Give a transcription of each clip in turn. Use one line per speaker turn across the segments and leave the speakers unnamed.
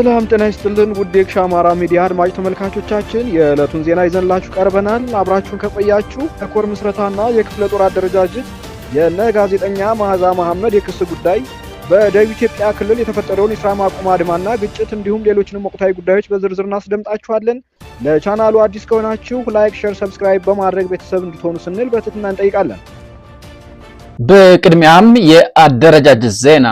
ሰላም ጤና ይስጥልን ውድ የግሻ አማራ ሚዲያ አድማጭ ተመልካቾቻችን የዕለቱን ዜና ይዘንላችሁ ቀርበናል። አብራችሁን ከቆያችሁ ተኮር ምስረታና የክፍለ ጦር አደረጃጀት፣ የነ ጋዜጠኛ መዓዛ መሐመድ የክስ ጉዳይ፣ በደቡብ ኢትዮጵያ ክልል የተፈጠረውን የስራ ማቆም አድማና ግጭት እንዲሁም ሌሎችንም ወቅታዊ ጉዳዮች በዝርዝር እናስደምጣችኋለን። ለቻናሉ አዲስ ከሆናችሁ ላይክ፣ ሸር፣ ሰብስክራይብ በማድረግ ቤተሰብ እንድትሆኑ ስንል በትህትና እንጠይቃለን።
በቅድሚያም የአደረጃጀት ዜና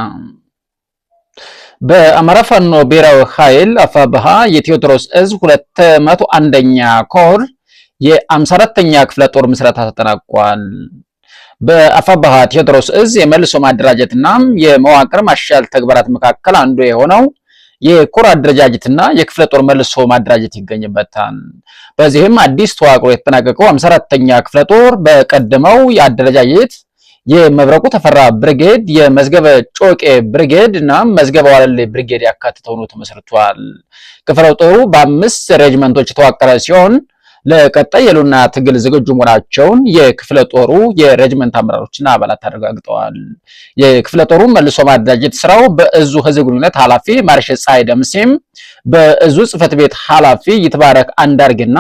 በአማራ ፋኖ ብሔራዊ ኃይል አፋብሃ የቴዎድሮስ እዝ 201ኛ ኮር የ54ኛ ክፍለ ጦር ምስረታ ተጠናቋል። በአፋብሃ ቴዎድሮስ እዝ የመልሶ ማደራጀትና የመዋቅር ማሻል ተግባራት መካከል አንዱ የሆነው የኮር አደረጃጀትና የክፍለ ጦር መልሶ ማደራጀት ይገኝበታል። በዚህም አዲስ ተዋቅሮ የተጠናቀቀው 54ኛ ክፍለ ጦር በቀደመው የአደረጃጀት የመብረቁ ተፈራ ብርጌድ፣ የመዝገበ ጮቄ ብርጌድ እና መዝገበ ዋለሌ ብርጌድ ያካትተው ነው ተመስርቷል። ክፍለ ጦሩ በአምስት ሬጅመንቶች የተዋቀረ ሲሆን ለቀጣይ የሉና ትግል ዝግጁ መሆናቸውን የክፍለ ጦሩ የሬጅመንት አመራሮችና አባላት አረጋግጠዋል። የክፍለ ጦሩ መልሶ ማደራጀት ስራው በእዙ ህዝብ ግንኙነት ኃላፊ ማርሽ ፀሐይ ደምሴም፣ በእዙ ጽህፈት ቤት ኃላፊ ይትባረክ አንዳርግና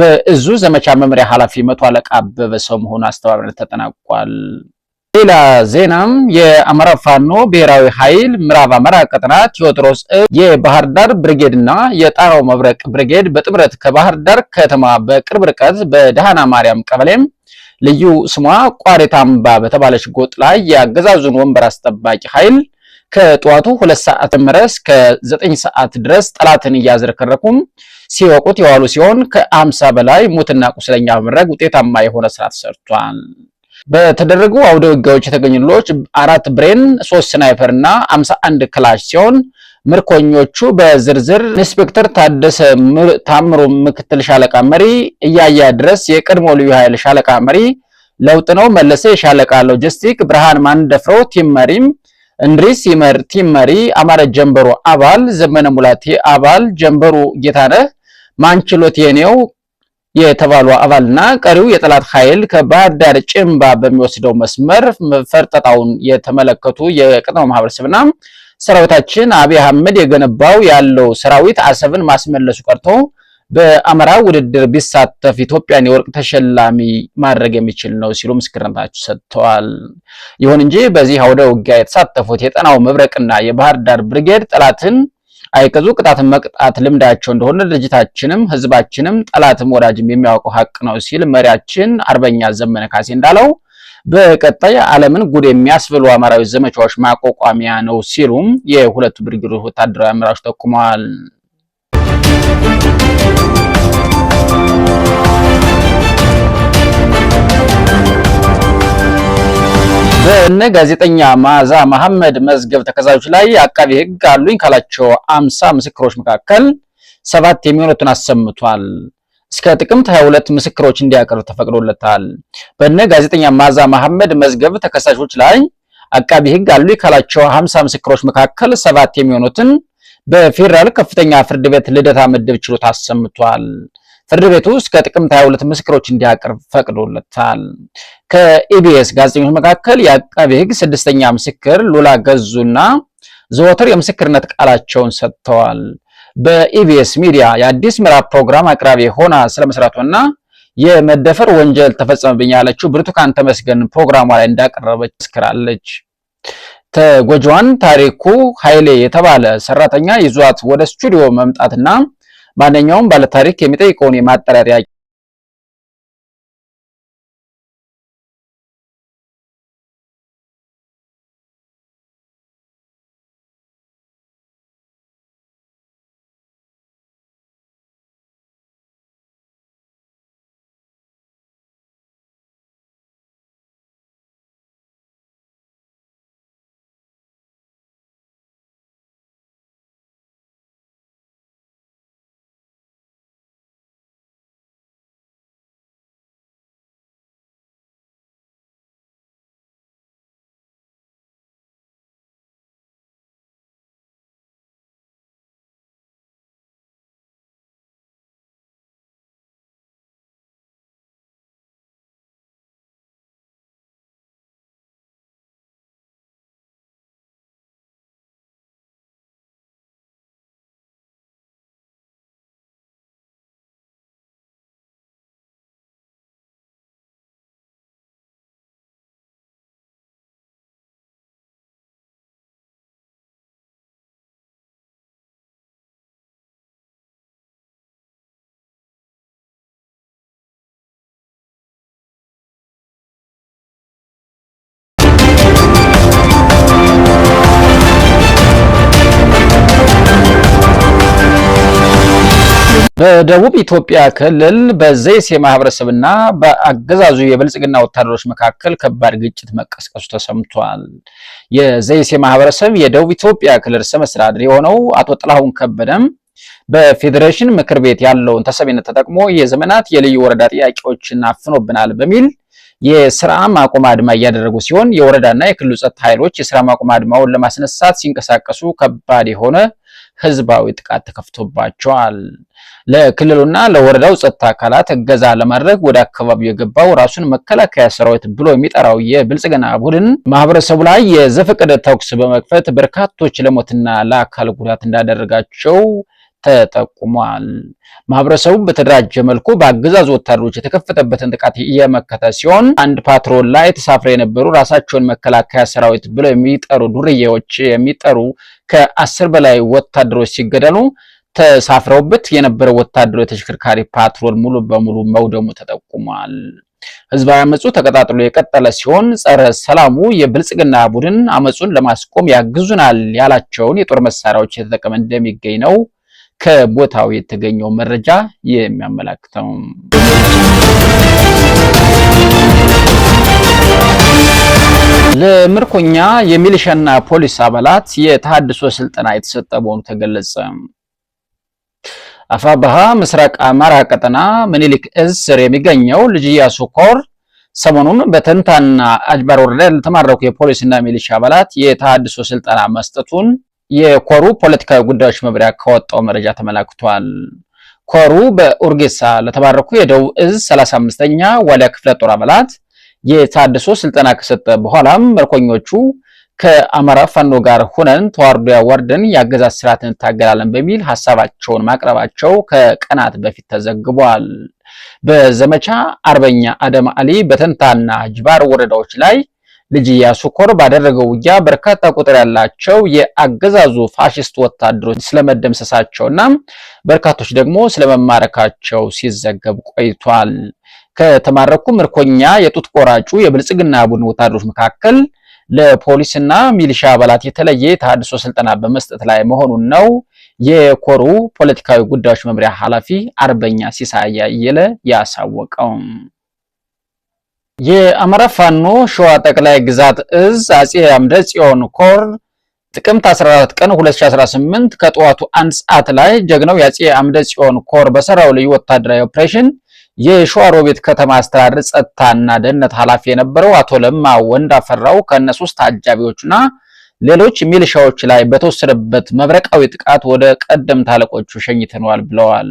በእዙ ዘመቻ መምሪያ ኃላፊ መቶ አለቃ አበበ ሰው መሆኑ አስተባብረ ተጠናቋል። ሌላ ዜናም የአማራ ፋኖ ብሔራዊ ኃይል ምዕራብ አማራ ቀጠና ቴዎድሮስ የባህር ዳር ብርጌድና የጣራው መብረቅ ብርጌድ በጥምረት ከባህር ዳር ከተማ በቅርብ ርቀት በደህና ማርያም ቀበሌም ልዩ ስሟ ቋሪታምባ አምባ በተባለች ጎጥ ላይ የአገዛዙን ወንበር አስጠባቂ ኃይል ከጠዋቱ ሁለት ሰዓት ጀምሮ እስከ ዘጠኝ ሰዓት ድረስ ጠላትን እያዝረከረኩም ሲወቁት የዋሉ ሲሆን ከአምሳ በላይ ሙትና ቁስለኛ በመድረግ ውጤታማ የሆነ ስራ ተሰርቷል። በተደረጉ አውደ ውጊያዎች የተገኙ ድሎች አራት ብሬን፣ ሶስት ስናይፐር እና አምሳ አንድ ክላሽ ሲሆን ምርኮኞቹ በዝርዝር ኢንስፔክተር ታደሰ ታምሮ ምክትል ሻለቃ መሪ፣ እያያ ድረስ የቀድሞ ልዩ ኃይል ሻለቃ መሪ፣ ለውጥ ነው መለሰ የሻለቃ ሎጂስቲክ፣ ብርሃን ማንደፍሮ ቲም መሪም እንድሪስ ይመር ቲም መሪ፣ አማረ ጀንበሩ አባል፣ ዘመነ ሙላቴ አባል፣ ጀንበሩ ጌታነህ ማንችሎት የኔው የተባሉ አባልና ቀሪው የጠላት ኃይል ከባህር ዳር ጭንባ በሚወስደው መስመር ፈርጠጣውን የተመለከቱ የቀጠናው ማህበረሰብና ሰራዊታችን አብይ አህመድ የገነባው ያለው ሰራዊት አሰብን ማስመለሱ ቀርቶ በአመራ ውድድር ቢሳተፍ ኢትዮጵያን የወርቅ ተሸላሚ ማድረግ የሚችል ነው ሲሉ ምስክርነታቸው ሰጥተዋል። ይሁን እንጂ በዚህ አውደ ውጊያ የተሳተፉት የጠናው መብረቅና የባህር ዳር ብርጌድ ጠላትን አይቀዙ ቅጣትን መቅጣት ልምዳቸው እንደሆነ ድርጅታችንም ህዝባችንም ጠላትም ወዳጅም የሚያውቀው ሀቅ ነው ሲል መሪያችን አርበኛ ዘመነ ካሴ እንዳለው በቀጣይ ዓለምን ጉድ የሚያስብሉ አማራዊ ዘመቻዎች ማቋቋሚያ ነው ሲሉም የሁለቱ ብርጌዶች ወታደራዊ አመራሮች ጠቁመዋል። በእነ ጋዜጠኛ መዓዛ መሐመድ መዝገብ ተከሳሾች ላይ አቃቢ ሕግ አሉኝ ካላቸው አምሳ ምስክሮች መካከል ሰባት የሚሆኑትን አሰምቷል። እስከ ጥቅምት 22 ምስክሮች እንዲያቀርብ ተፈቅዶለታል። በእነ ጋዜጠኛ መዓዛ መሐመድ መዝገብ ተከሳሾች ላይ አቃቢ ሕግ አሉኝ ካላቸው አምሳ ምስክሮች መካከል ሰባት የሚሆኑትን በፌዴራል ከፍተኛ ፍርድ ቤት ልደታ ምድብ ችሎት አሰምቷል። ፍርድ ቤቱ እስከ ጥቅምት 22 ምስክሮች እንዲያቀርብ ፈቅዶለታል። ከኢቢኤስ ጋዜጠኞች መካከል የአቃቤ ሕግ ስድስተኛ ምስክር ሉላ ገዙና ዘወትር የምስክርነት ቃላቸውን ሰጥተዋል። በኢቢኤስ ሚዲያ የአዲስ ምዕራብ ፕሮግራም አቅራቢ ሆና ስለመስራቷና የመደፈር ወንጀል ተፈጸመብኝ ያለችው ብርቱካን ተመስገን ፕሮግራሟ ላይ እንዳቀረበች መስክራለች። ተጎጂዋን ታሪኩ ኃይሌ የተባለ ሰራተኛ ይዟት ወደ ስቱዲዮ መምጣትና ማንኛውም ባለታሪክ የሚጠይቀውን የማጠራሪያ በደቡብ ኢትዮጵያ ክልል በዘይሴ ማህበረሰብና በአገዛዙ የብልጽግና ወታደሮች መካከል ከባድ ግጭት መቀስቀሱ ተሰምቷል። የዘይሴ ማህበረሰብ የደቡብ ኢትዮጵያ ክልል ርዕሰ መስተዳድር የሆነው አቶ ጥላሁን ከበደም በፌዴሬሽን ምክር ቤት ያለውን ተሰሚነት ተጠቅሞ የዘመናት የልዩ ወረዳ ጥያቄዎችን አፍኖብናል በሚል የስራ ማቆም አድማ እያደረጉ ሲሆን የወረዳና የክልሉ ጸጥታ ኃይሎች የስራ ማቆም አድማውን ለማስነሳት ሲንቀሳቀሱ ከባድ የሆነ ህዝባዊ ጥቃት ተከፍቶባቸዋል። ለክልሉና ለወረዳው ጸጥታ አካላት እገዛ ለማድረግ ወደ አካባቢው የገባው ራሱን መከላከያ ሰራዊት ብሎ የሚጠራው የብልጽግና ቡድን ማህበረሰቡ ላይ የዘፈቀደ ተኩስ በመክፈት በርካቶች ለሞትና ለአካል ጉዳት እንዳደረጋቸው ተጠቁሟል። ማህበረሰቡ በተደራጀ መልኩ በአገዛዙ ወታደሮች የተከፈተበትን ጥቃት እየመከተ ሲሆን አንድ ፓትሮል ላይ ተሳፍረው የነበሩ ራሳቸውን መከላከያ ሰራዊት ብለው የሚጠሩ ዱርዬዎች የሚጠሩ ከአስር በላይ ወታደሮች ሲገደሉ ተሳፍረውበት የነበረው ወታደሮ የተሽከርካሪ ፓትሮል ሙሉ በሙሉ መውደሙ ተጠቁሟል። ህዝባዊ አመፁ ተቀጣጥሎ የቀጠለ ሲሆን ጸረ ሰላሙ የብልጽግና ቡድን አመፁን ለማስቆም ያግዙናል ያላቸውን የጦር መሳሪያዎች የተጠቀመ እንደሚገኝ ነው ከቦታው የተገኘው መረጃ የሚያመላክተው። ለምርኮኛ የሚሊሻና ፖሊስ አባላት የተሃድሶ ስልጠና የተሰጠ መሆኑ ተገለጸ። አፋባሃ ምስራቅ አማራ ቀጠና ምኒልክ እዝ ስር የሚገኘው ልጅ ኢያሱ ኮር ሰሞኑን በተንታና አጅባር ወረዳ ለተማረኩ የፖሊስና ሚሊሻ አባላት የተሃድሶ ስልጠና መስጠቱን የኮሩ ፖለቲካዊ ጉዳዮች መምሪያ ከወጣው መረጃ ተመላክቷል። ኮሩ በኡርጌሳ ለተባረኩ የደቡብ እዝ 35ኛ ዋሊያ ክፍለ ጦር አባላት የታድሶ ስልጠና ከሰጠ በኋላም መርኮኞቹ ከአማራ ፋኖ ጋር ሆነን ተዋርዶ ያወርደን የአገዛዝ ስርዓት እንታገላለን በሚል ሀሳባቸውን ማቅረባቸው ከቀናት በፊት ተዘግቧል። በዘመቻ አርበኛ አደም አሊ በተንታና ጅባር ወረዳዎች ላይ ልጅ ኢያሱ ኮር ባደረገው ውጊያ በርካታ ቁጥር ያላቸው የአገዛዙ ፋሽስት ወታደሮች ስለመደምሰሳቸውና በርካቶች ደግሞ ስለመማረካቸው ሲዘገብ ቆይቷል። ከተማረኩ ምርኮኛ የጡት ቆራጩ የብልጽግና ቡድን ወታደሮች መካከል ለፖሊስና ሚሊሻ አባላት የተለየ የተሃድሶ ስልጠና በመስጠት ላይ መሆኑን ነው የኮሩ ፖለቲካዊ ጉዳዮች መምሪያ ኃላፊ አርበኛ ሲሳይ አየለ ያሳወቀው። የአማራ ፋኖ ሸዋ ጠቅላይ ግዛት እዝ አጼ አምደ ጽዮን ኮር ጥቅምት 14 ቀን 2018 ከጠዋቱ አንድ ሰዓት ላይ ጀግናው የአጼ አምደ ጽዮን ኮር በሰራው ልዩ ወታደራዊ ኦፕሬሽን የሸዋ ሮቤት ከተማ አስተዳደር ጸጥታና ደህንነት ኃላፊ የነበረው አቶ ለማ ወንዳፈራው ከነ ሶስት አጃቢዎችና ሌሎች ሚሊሻዎች ላይ በተወሰደበት መብረቃዊ ጥቃት ወደ ቀደምት አለቆቹ ሸኝተነዋል ብለዋል።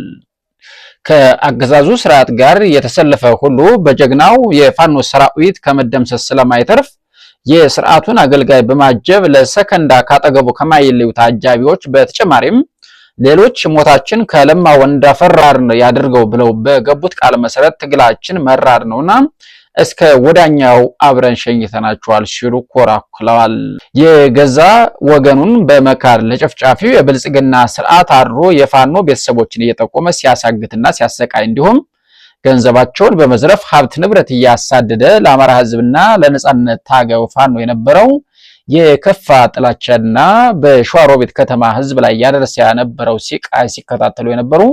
ከአገዛዙ ስርዓት ጋር የተሰለፈ ሁሉ በጀግናው የፋኖ ሰራዊት ከመደምሰስ ስለማይተርፍ የስርዓቱን አገልጋይ በማጀብ ለሰከንዳ ካጠገቡ ከማይለዩ ታጃቢዎች በተጨማሪም ሌሎች ሞታችን ከለማ ወንዳፈራር ያድርገው ብለው በገቡት ቃል መሰረት ትግላችን መራር ነውና እስከ ወዳኛው አብረን ሸኝተናቸዋል ሲሉ ኮራኩለዋል። የገዛ ወገኑን በመካድ ለጨፍጫፊው የብልጽግና ስርዓት አድሮ የፋኖ ቤተሰቦችን እየጠቆመ ሲያሳግትና ሲያሰቃይ እንዲሁም ገንዘባቸውን በመዝረፍ ሀብት ንብረት እያሳደደ ለአማራ ሕዝብና ለነጻነት ታገው ፋኖ የነበረው የከፋ ጥላቻና በሸዋሮቢት ከተማ ሕዝብ ላይ ያደረሰ የነበረው ሲቃይ ሲከታተሉ የነበሩ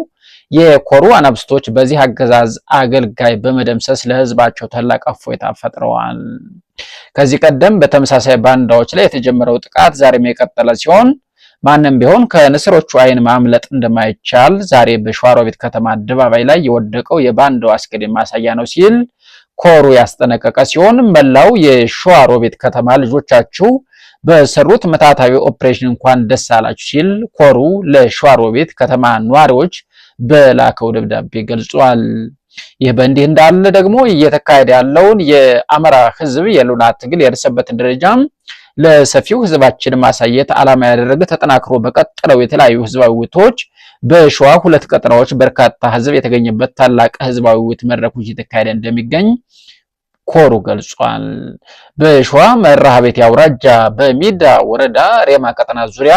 የኮሩ አናብስቶች በዚህ አገዛዝ አገልጋይ በመደምሰስ ለህዝባቸው ታላቅ እፎይታ ፈጥረዋል። ከዚህ ቀደም በተመሳሳይ ባንዳዎች ላይ የተጀመረው ጥቃት ዛሬም የቀጠለ ሲሆን ማንም ቢሆን ከንስሮቹ አይን ማምለጥ እንደማይቻል ዛሬ በሸዋሮቢት ከተማ አደባባይ ላይ የወደቀው የባንዳው አስከሬን ማሳያ ነው ሲል ኮሩ ያስጠነቀቀ ሲሆን መላው የሸዋሮቢት ከተማ ልጆቻችሁ በሰሩት መታታዊ ኦፕሬሽን እንኳን ደስ አላችሁ ሲል ኮሩ ለሸዋሮቢት ከተማ ነዋሪዎች በላከው ደብዳቤ ገልጿል። ይህ በእንዲህ እንዳለ ደግሞ እየተካሄደ ያለውን የአማራ ህዝብ የሉና ትግል የደረሰበትን ደረጃም ለሰፊው ህዝባችን ማሳየት ዓላማ ያደረገ ተጠናክሮ በቀጠለው የተለያዩ ህዝባዊ ውይይቶች በሸዋ ሁለት ቀጠናዎች በርካታ ህዝብ የተገኘበት ታላቅ ህዝባዊ ውይይት መድረኮች እየተካሄደ እንደሚገኝ ኮሩ ገልጿል። በሸዋ መራሃ ቤቴ አውራጃ በሚዳ ወረዳ ሬማ ቀጠና ዙሪያ